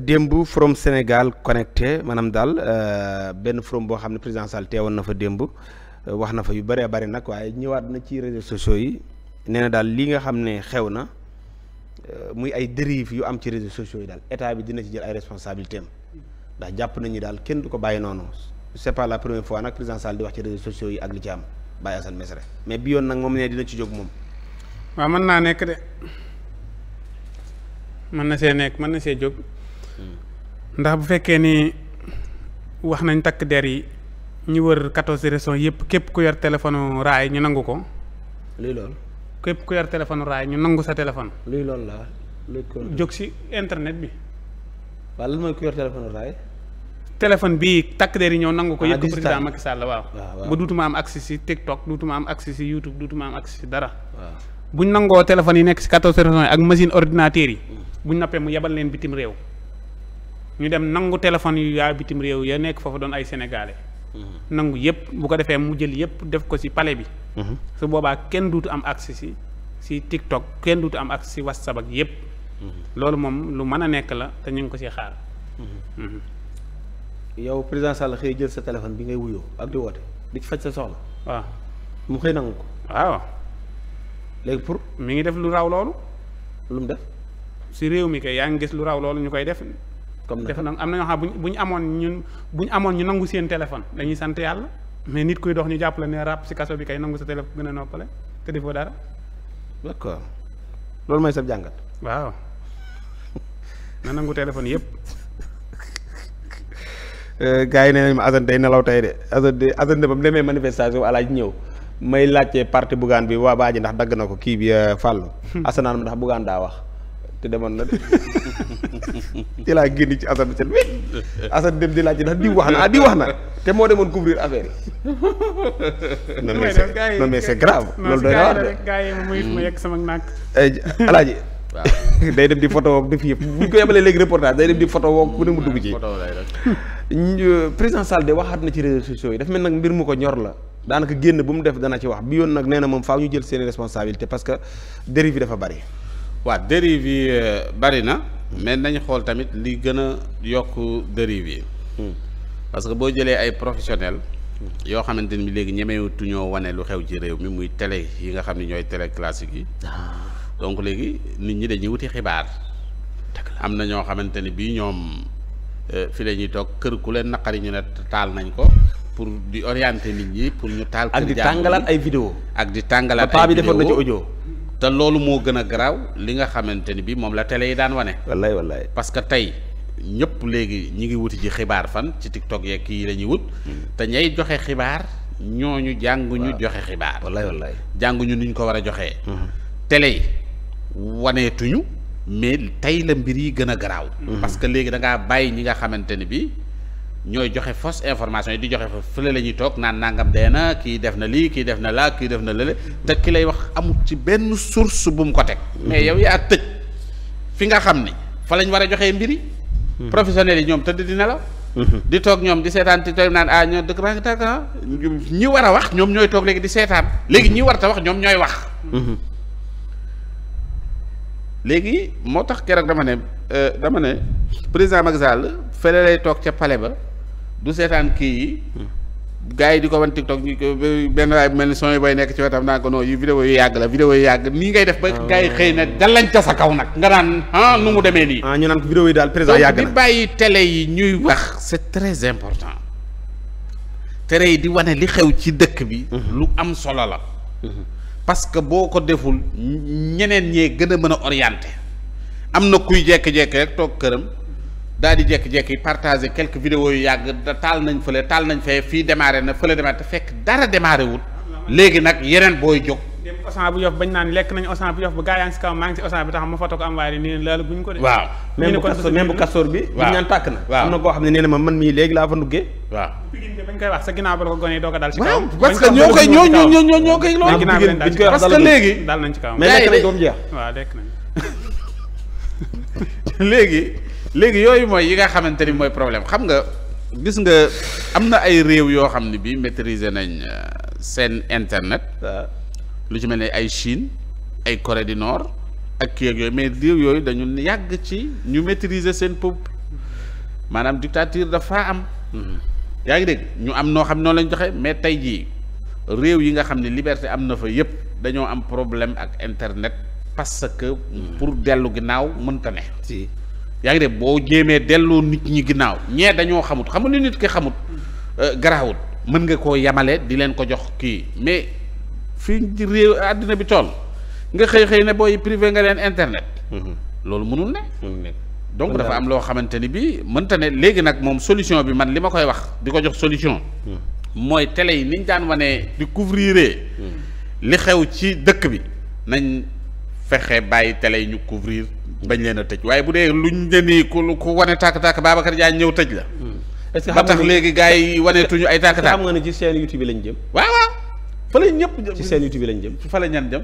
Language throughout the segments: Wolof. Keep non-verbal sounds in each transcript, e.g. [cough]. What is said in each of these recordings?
démb forum Sénégal connecté maanaam daal euh, benn forum boo xam ne président Sall teewoon na fa démb euh, wax na fa yu bëree bëri nag waaye ñëwaat na ci réseaux sociaux yi nee na daal li nga xam ne xew na euh, muy ay dérives yu am ci réseaux sociaux yi daal état bi dina ci jël ay responsabilités am ndax jàpp nañu daal kenn du ko bàyyi noonu c'est pas la première fois nag président Sall di wax ci réseaux sociaux yi ak li ci am Baye Assane Mesre mais bi yoon nag moom nee dina ci moom. waaw naa nekk na see nekk mën na see jóg. ndax bu fekkee ni wax nañ takk der yi ñu wër quatorze régions yëpp képp ku yor téléphone raay ñu nangu ko. luy loolu. képp ku yor téléphone raay ñu nangu sa téléphone. luy loolu la jóg si internet bi. waaw lan mooy ku yor téléphone raay. téléphone bii takk der yi ñoo nangu ko. ah yëpp président Macky ah, ba duutuma am accès si TikTok duutuma am accès si YouTube duutuma am accès si dara. waaw buñ nangoo téléphone yi nekk si quatorze régions yi ak machine ordinateur yi. Mm. buñ nappee mu yebal leen bitim réew. ñu dem nangu téléphone yu yaa bitim réew ya nekk foofu doon ay sénégalais. nangu yëpp bu ko defee mu jël yëpp def ko ci pale bi. su boobaa kenn duutu am accès si ci TikTok kenn duutu am accès ci WhatsApp ak yëpp. loolu moom lu mën a nekk la te ñu ngi ko ci xaar. yow président Sall xëy jël sa téléphone bi ngay wuyoo ak di woote di faj sa soxla. waaw mu xëy nangu ko. waaw. léegi pour mi ngi def lu raw loolu. lu mu def. si réew mi kay yaa ngi gis lu raw loolu ñu koy def. comme def na am na ñoo xam bu ñu amoon ñun bu ñu amoon ñu nangu seen téléphone dañuy sant yàlla mais nit kuy dox ñu jàppale ne rap si kaso bi kay nangu sa téléphone gën a noppale te defoo dara. d'accord loolu mooy sa jàngat. waaw na nangu téléphone yëpp. [laughs] Euh, gars yi na nañ ma Assane day nelaw tay de Assane de Assane de ba mu demee manifestation ñëw may laajte parti Bougane bi waa baa ji ndax dagg na ko kii bi euh, Fallou. Assane [laughs] ma ndax Bougane daa wax. te demoon na de [laughs] ci laa génn ci Assane seen wéy Assane dem di laaj ndax di wax na ah di wax na te moo demoon couvrir affaire yi. [laughs] non mais c'est grave. loolu doy na wax yi mu muy mu mm. yegg sama nàkk. Eh, alaaji. waaw [laughs] day dem di photo woog def yëpp bu ñu ko yemalee léegi reportage day dem di photo woog ku ne mu dugg ci. Euh, président Sall de waxaat na ci réseaux sociaux yi dafa mel nag mbir mu ko ñor la. daanaka génn bu mu def dana ci wax bi yoon nag nee na moom faaw ñu jël seeni responsabilité parce que dérive yi dafa bari waa dérive yi euh, bari na mais nañ xool tamit li gën a yokk dérive yi hmm. parce que boo jëlee ay professionnel yoo xamante ni léegi ñemewutuñoo wane lu xew ji réew mi muy télé yi nga xam ne ñooy télé classique yi ah. donc léegi nit ñi dañuy wuti xibaar am na ñoo xamante ni bii ñoom euh, fi la ñuy toog kër ku leen naqari ñu ne taal nañ ko pour di orienter nit ñi pour ñu taal ak di tàngalaat ay vidéo ak di tàngalaat ay vidéo bi defoon na ci audio te loolu moo gën a garaaw li nga xamante ni bi moom la télé yi daan wane. wallaay wallaay parce que tey ñëpp léegi ñi ngi wuti ji xibaar fan ci TikTok yeeg kii la ñuy wut. Hmm. te ñay joxe xibaar ñooñu jànguñu joxe xibaar. wallaay wallaay jànguñu ni ñu ko war a joxee. Hmm. télé yi waneetuñu mais tey la mbir yi gën a garaaw. Hmm. parce léegi da bàyyi ñi nga xamante ni bi. ñooy joxe fausse information yi di joxe fa fële la ñuy toog naan nangam dee na kii def na lii kii def na laa kii def na lële te ki lay wax amul ci benn source bu mu ko teg. mais yow yaa tëj fi nga xam ni fa lañ war a joxee mbir yi. Hmm. professionnels yi ñoom tëdd di nelaw. Hmm. di toog ñoom di seetaan di toog naan ah ñoo dëgg ba dëgg ah ñi war a wax ñoom ñooy toog léegi di seetaan léegi ñi war ta wax ñoom ñooy wax. Hmm. léegi moo tax keroog dama ne euh, dama ne président Macky Sall fële lay toog ca palais ba. du seetaan kii yi gars yi di ko wan TikTok ñu benn waay mel ni son bay nekk ci wetam naa ko non yu vidéo yu yàgg la vidéo yu yàgg nii ngay def ba ah, gars yi xëy na gàllañ ca sa kaw nag nga naan ah nu mu demee nii ah, ñu naan ko vidéo yi daal président yàgg na di bàyyi ñuy wax c'est très important tere yi di wane li xew ci dëkk bi mhm. lu am solo la mhm. parce que boo ko deful ñeneen ñee gën a mën a orienté am na kuy jekk-jekk rek toog këram daal di jékki-jékki partagé quelques vidéos yu yàgg taal nañ fële taal nañ fee fii démarré na fële démarré te fekk dara démarré wul léegi nag yeneen booy jóg. dem osan bu yof bañ naan lekk nañu osan bu yof ba gaa yaa ngi si kaw maa ngi si osan bi tax ma foto ko am waaye nii laal guñ bu ñu naan tàkk na. waaw am na koo xam ne nee na ma man mii léegi laa wax sa ginnaaw ba la ko gonee doo ko dal. parce que ñoo koy ñoo ñoo ñoo ñoo koy. loolu daal ci parce que léegi. [laughs] léegi. léegi yooyu mooy yi nga xamante ni mooy problème xam nga gis nga am na ay réew yoo xam ne bii maîtriser nañ euh, seen internet. lu ci mel ni ay Chine ay Corée du Nord ak kii yooyu mais réew yooyu dañu yàgg ci ñu maîtriser seen peuple maanaam dictature dafa am. Mm-hmm. yaa ngi dégg ñu am noo xam noonu lañ joxe mais tey jii réew yi nga xam ne liberté am na fa yëpp dañoo am problème ak internet parce que. Mm. pour dellu ginnaaw mënta ne. yaa ngi def boo jéemee delloo nit ñi ginnaaw ñee dañoo xamut xam nga nit ki xamut euh, garaawut mën nga koo yamale di leen ko jox kii mais fii réew àddina bi tool nga xëy xëy ne booy privé nga leen internet. Mm-hmm. loolu mënul ne. donc dafa am loo xamante ni bii mënta ne léegi nag moom solution bi man li ma koy wax di ko jox solution. Mm-hmm. mooy tele yi niñ ñu daan wane di couvrir mm-hmm. li xew ci dëkk bi nañ fexe bàyyi tele yi ñu couvrir. bañ leen a tëj waaye bu dee lu ne nii ku ku wane tàkk-tàkk Babacar Diagne ñëw tëj la. Hmm. est-ce que ba tax léegi gars yi waneetuñu ay tàkk-tàkk. xam nga ne ci seen YouTube yi lañ jëm. waaw ñëpp ci seen YouTube yi lañ jëm. fa la ñan jëm.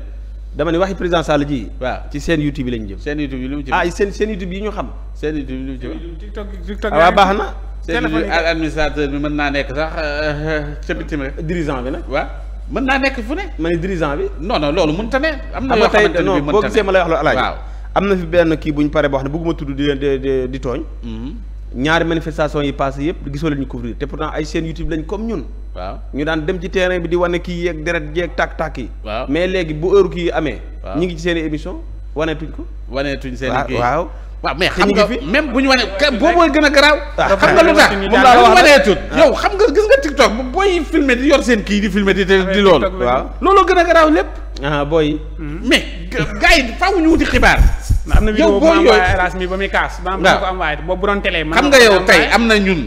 dama ne waxi président ji. waaw ci seen YouTube yi lañ jëm. seen YouTube yi lu mu ci ah seen seen YouTube yi ñu xam. seen YouTube yi lu mu ci ah, baax na. seen administrateur bi mën naa nekk sax euh, euh, ca bitim rek. bi na waa mën naa nekk fu ne. ma ne dirigeant bi. non non loolu mënta ne. am na yoo xamante ne bii boo gisee ma lay wax loolu alaaji. waaw am na fi benn kii buñ paree boo xam ne bëgguma tudd di leen di tooñ mhm. ñaari manifestation yi passé yëpp gisoo leen ñu couvrir te pourtant ay chaîne YouTube lañ comme ñun waaw ñu daan dem ci terrain bi di wane kii yeeg deret jeeg tàkk-tàkk yi waaw mais léegi bu heure kii amee ñu ngi ci seen émission waneetuñ ko waneetuñ seen kii waaw waaw mais xam nga même bu ñu wane boo mooy gën a garaaw ah. xam nga lu tax ah. moom laa la wax ah. waneetut yow booy filmer di yor seen kii di filmer di di loolu waaw looloo gën a garaaw lépp booy mais gars yi faaw ñu wuti xibaar am na yow boo yooyu mi ba muy kaas. ba ko envoyé bu doon télé. xam nga yow tey am na ñun.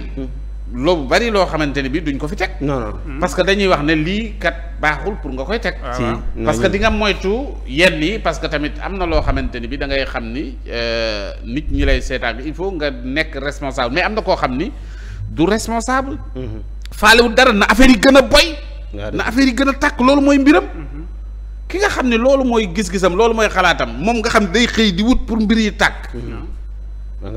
loolu bari loo xamante ni bi duñ ko fi teg. non non hmm. que dañuy wax ne lii kat baaxul pour nga koy teg. Ah, parce que di nga moytu yenn yi parce que tamit am na loo xamante ni bi da ngay xam ni euh, nit ñi lay seetaan il faut nga nekk responsable mais am na koo xam ni du responsable. Mm-hmm. faalewul dara na affaire yi gën a boy na affaire yi gën a takk loolu mooy mbiram. Mm-hmm. ki nga xam ne loolu mooy gis-gisam loolu mooy xalaatam moom nga xam ne day xëy di wut pour mbir yi tàkk.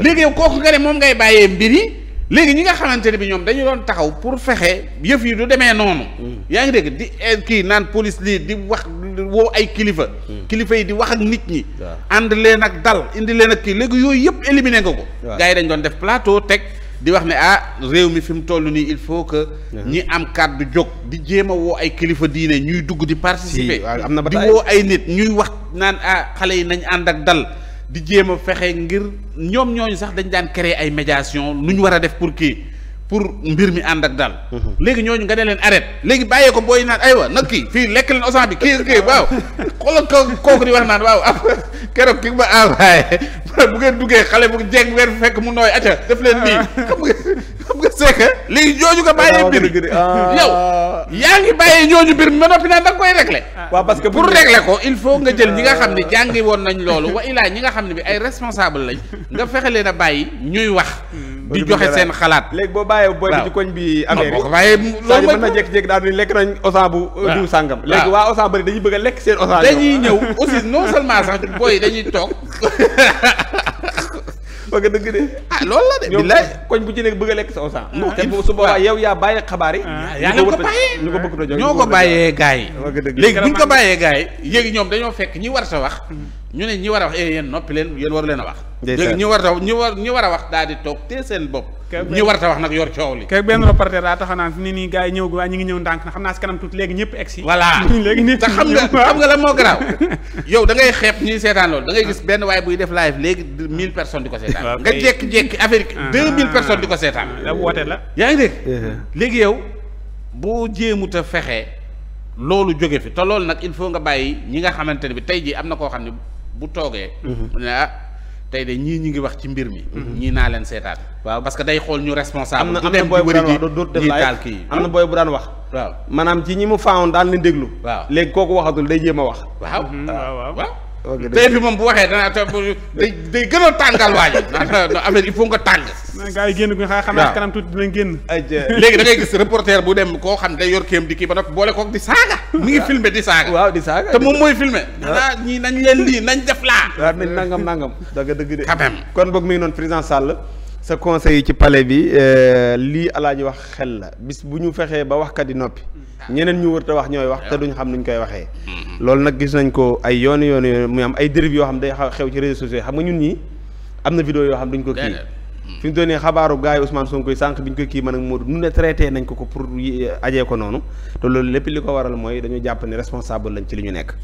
léegi yow kooku nga ne moom ngay bàyyee mbir yi léegi ñi nga xamante ne bi ñoom dañu doon taxaw pour fexe yëf yi du demee noonu. Mm. yaa ngi dégg di eh, kii naan police lii di wax woo ay kilifa. Mm. kilifa yi di wax ak nit ñi. ànd leen ak dal indi leen ak kii léegi yooyu yëpp éliminé nga ko. gaa yi dañ doon def plateau teg. di wax ne ah réew mi fi mu toll nii il faut que. ñi am kàddu jóg di jéem a woo ay kilifa diine ñuy dugg di. participer am na di woo ay nit ñuy wax naan ah xale yi nañ ànd ak dal. di jéem a fexe ngir ñoom ñooñu sax dañ daan créer ay médiation lu ñu war a def pour kii. pour mbir mi ànd ak daal. Mhm. léegi ñooñu nga ne leen arrêté. léegi bàyyee ko booy naan aywa nag kii fii lekk leen osan bi kii kii waaw [laughs] xoolal kooku kooku di wax naan waaw ab ah, keroog ki ma envoyé [laughs] bu ngeen duggee xale bu jeeg weer fekk mu nooy acca def leen nii ah. xam nga c'est que léegi ñooñu nga bàyyee mbir ah. yow yaa ngi bàyyee ñooñu mbir mi ba noppi naan da nga koy régler ah. waaw parce que pour régler ko [laughs] il faut nga jël ñi nga xam ne euh. jàngi woon nañ loolu wa ilaa ñi nga xam ne bi ay responsable lañ nga fexe leen a bàyyi ñuy wax hmm. di joxe seen xalaat léegi boo bàyyee booy bi ci koñ bi amee boo waaye bàyyee loolu mën na jékki-jékki daal lekk nañ osan bu diw sàngam léegi waa osan bëri dañuy bëgg a lekk seen osan dañuy ñëw aussi non seulement sax booy dañuy toog [laughs] ba nga dëgg de. ah loolu la de. koñ bu ci nekk bëgg a lekk sa sang. non ah, te su boobaa yow yaa bàyyi xabaar yi. Ah, yaa leen ko bàyyee ko bëgg a jox ñoo ko bàyyee gars yi. léegi bu ñu ko bàyyee gars yi. léegi ñoom dañoo fekk ñi war sa wax. Hmm. ñu ne ñi war a wax eh yéen noppi leen yéen waru leen a wax léegi ñu war a ñu war ñu war a wax daal di toog te seen bopp. ñu war a wax nag yor coow li. kër benn reporter daa taxaw naan fi ne nii gars yi ñëw waaye ñu ngi ñëw ndànk na xam naa si kanam tuuti léegi ñëpp egg si. voilà [laughs] te xam nga xam nga la moo garaaw. [laughs] yow da ngay xeeb ñuy seetaan loolu da ngay gis benn waaye buy def live léegi mille personnes di ko seetaan. nga jékki-jékki Afrique ah. deux mille personnes di ko seetaan. la woote la. yaa ngi dégg. Uh-huh. léegi yow boo jéemut a fexe loolu jóge fi te loolu nag il faut nga bàyyi ñi nga xamante ne bi tey jii am na koo xam ne bu toogee. Uh-huh. tey de ñii ñu ngi wax ci mbir mi. Mhm. ñii naa leen seetaan. waaw parce day xool ñu responsable. du dem am na booy bu daan wax. waaw ci ñi mu faawoon daan leen déglu. léegi kooku waxatul day jéem a wax. waaw mhm. ah. waaw waaw. tey bi moom bu waxee dana day day gën a tàngal waa ji affaire il faut nga tàng. gaa génn gu nga xam ne kanam tuuti dinañ génn. [laughs] léegi da ngay gis reporter bu dem koo xam ne day yor kéem di kii ba nag boole kook di saaga. mi ngi filmer di saaga. waaw di saaga te moom mooy filmer. waaw ah. ñii nañ leen lii nañ def laa. waaw nañ nangam nangam. dëgg dëgg de quand même. kon boog mi ngi noonu président Sall. sa conseil ci pale bi euh, lii alaaji wax xel la bis bu ñu fexee ba wax kat yi noppi ñeneen ñu wërta wax ñooy wax te duñ xam nuñ koy waxee mm-hmm. loolu nag gis nañ ko ay yoonu yoonu yoonu muy am ay dérive yoo xam day xew ci réseaux sociaux xam nga ñun ñi am na vidéo yoo xam duñ ko kii mm-hmm. fi mu doon nee xabaaru gars yi Ousmane Sonko yi sànq bi ñu ko kii man ak moo nu ne traité nañ ko ko pour ajee ko noonu te loolu lépp li ko waral mooy dañoo jàpp ni responsable lañ ci li ñu nekk